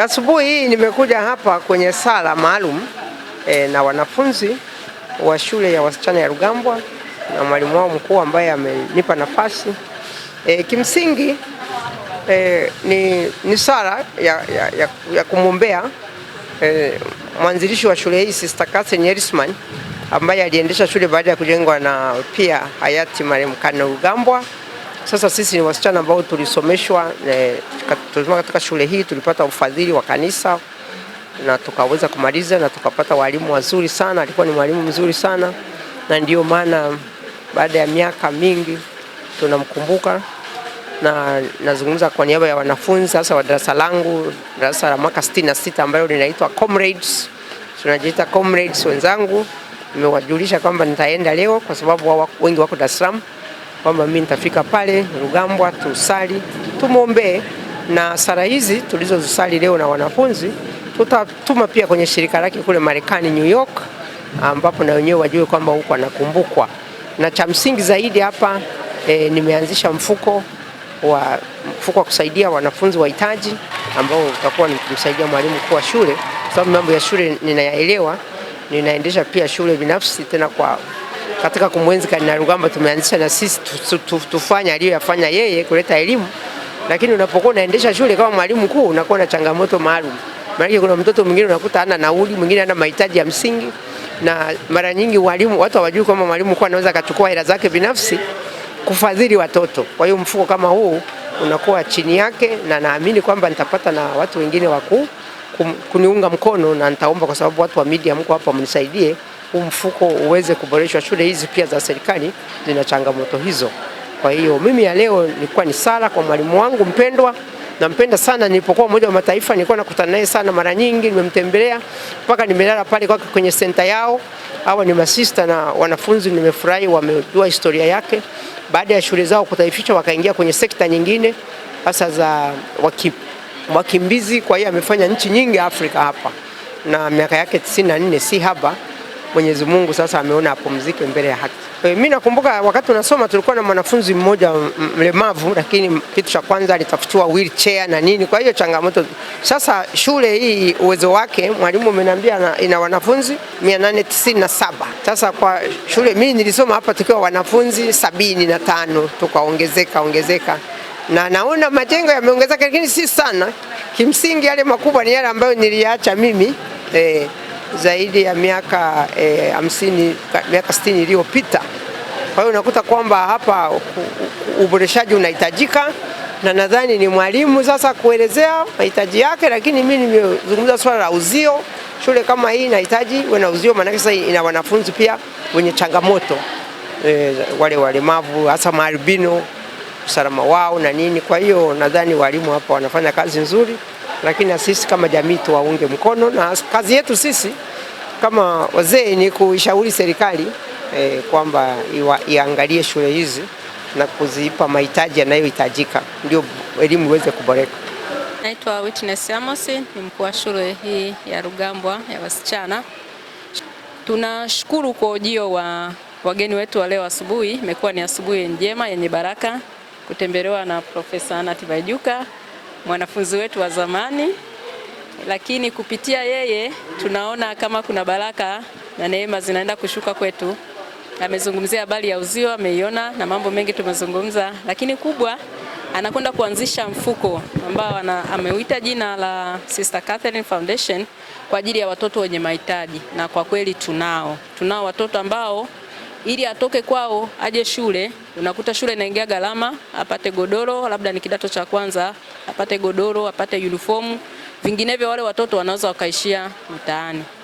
Asubuhi hii nimekuja hapa kwenye sala maalum e, na wanafunzi wa shule ya wasichana ya Rugambwa na mwalimu wao mkuu ambaye amenipa nafasi e, kimsingi e, ni, ni sala ya, ya, ya, ya kumwombea e, mwanzilishi wa shule hii Sister Catherine Erisman ambaye aliendesha shule baada ya kujengwa na pia hayati marehemu Kano Rugambwa. Sasa sisi ni wasichana ambao tulisomeshwa e, katika shule hii tulipata ufadhili wa kanisa na tukaweza kumaliza na tukapata walimu wazuri sana. Alikuwa ni mwalimu mzuri sana, na ndiyo maana baada ya miaka mingi tunamkumbuka, na nazungumza kwa niaba ya wanafunzi hasa wa darasa langu, darasa la mwaka 66 ambayo linaitwa comrades, tunajiita comrades wenzangu. Nimewajulisha kwamba nitaenda leo kwa sababu wa wengi wako Dar es Salaam kwamba mimi nitafika pale Rugambwa tusali tumwombee, na sala hizi tulizozisali leo na wanafunzi tutatuma pia kwenye shirika lake kule Marekani New York, ambapo na wenyewe wajue kwamba huko anakumbukwa. Na cha msingi zaidi hapa e, nimeanzisha mfuko wa mfuko wa kusaidia wanafunzi wahitaji ambao utakuwa ni kumsaidia mwalimu mkuu shule, kwa sababu mambo ya shule ninayaelewa. Ninaendesha pia shule binafsi tena kwa katika kumwenzi Kardinali Rugambwa tumeanzisha na sisi tufanye aliyoyafanya yeye kuleta elimu, lakini unapokuwa unaendesha shule kama mwalimu mkuu unakuwa na changamoto maalum, maana kuna mtoto mwingine unakuta hana nauli, mwingine ana mahitaji ya msingi, na mara nyingi walimu watu hawajui kama mwalimu mkuu anaweza akachukua hela zake binafsi kufadhili watoto. Kwa hiyo mfuko kama huu unakuwa chini yake, na naamini kwamba nitapata na watu wengine wakuu kuniunga mkono, na nitaomba kwa sababu watu wa media mko hapa mnisaidie huu mfuko uweze kuboreshwa. Shule hizi pia za serikali zina changamoto hizo. Kwa hiyo mimi ya leo nilikuwa ni sala kwa mwalimu wangu mpendwa, nampenda sana. Nilipokuwa Umoja wa Mataifa nilikuwa nakutana naye sana, mara nyingi nimemtembelea mpaka nimelala pale kwake kwenye senta yao. Hawa ni masista na wanafunzi, nimefurahi wamejua historia yake. Baada ya shule zao kutaifishwa, wakaingia kwenye sekta nyingine hasa za wakimbizi. Kwa hiyo amefanya nchi nyingi Afrika hapa na miaka yake 94 si haba. Mwenyezi Mungu sasa ameona apumzike mbele ya haki. E, mimi nakumbuka wakati unasoma tulikuwa na mwanafunzi mmoja mlemavu, lakini kitu cha kwanza alitafutiwa wheelchair na nini. Kwa hiyo changamoto sasa, shule hii uwezo wake, mwalimu ameniambia ina wanafunzi 897. Sasa kwa shule mimi nilisoma hapa tukiwa wanafunzi sabini na tano, tukaongezeka ongezeka na naona majengo yameongezeka, lakini si sana. Kimsingi yale makubwa ni yale ambayo niliacha mimi eh zaidi ya miaka eh, hamsini, miaka sitini iliyopita. Kwa hiyo unakuta kwamba hapa uboreshaji unahitajika, na nadhani ni mwalimu sasa kuelezea mahitaji yake, lakini mimi nimezungumza swala la uzio. Shule kama hii inahitaji uwe na uzio, maanake sasa ina wanafunzi pia wenye changamoto eh, wale walemavu hasa maalbino, usalama wao na nini. Kwa hiyo nadhani walimu hapa wanafanya kazi nzuri lakini na sisi kama jamii tuwaunge mkono, na kazi yetu sisi kama wazee ni kuishauri serikali eh, kwamba iangalie shule hizi na kuzipa mahitaji yanayohitajika ndio elimu iweze kuboreka. Naitwa Witness Amos, ni mkuu wa shule hii ya Rugambwa ya wasichana. Tunashukuru kwa ujio wa wageni wetu wa leo asubuhi. Imekuwa ni asubuhi njema yenye baraka kutembelewa na Profesa Anna Tibaijuka mwanafunzi wetu wa zamani, lakini kupitia yeye tunaona kama kuna baraka na neema zinaenda kushuka kwetu. Amezungumzia habari ya uzio, ameiona na mambo mengi tumezungumza, lakini kubwa anakwenda kuanzisha mfuko ambao ameuita jina la Sister Catherine Foundation kwa ajili ya watoto wenye mahitaji, na kwa kweli tunao tunao watoto ambao ili atoke kwao aje shule. Unakuta shule inaingia gharama, apate godoro, labda ni kidato cha kwanza, apate godoro, apate uniform, vinginevyo wale watoto wanaweza wakaishia mtaani.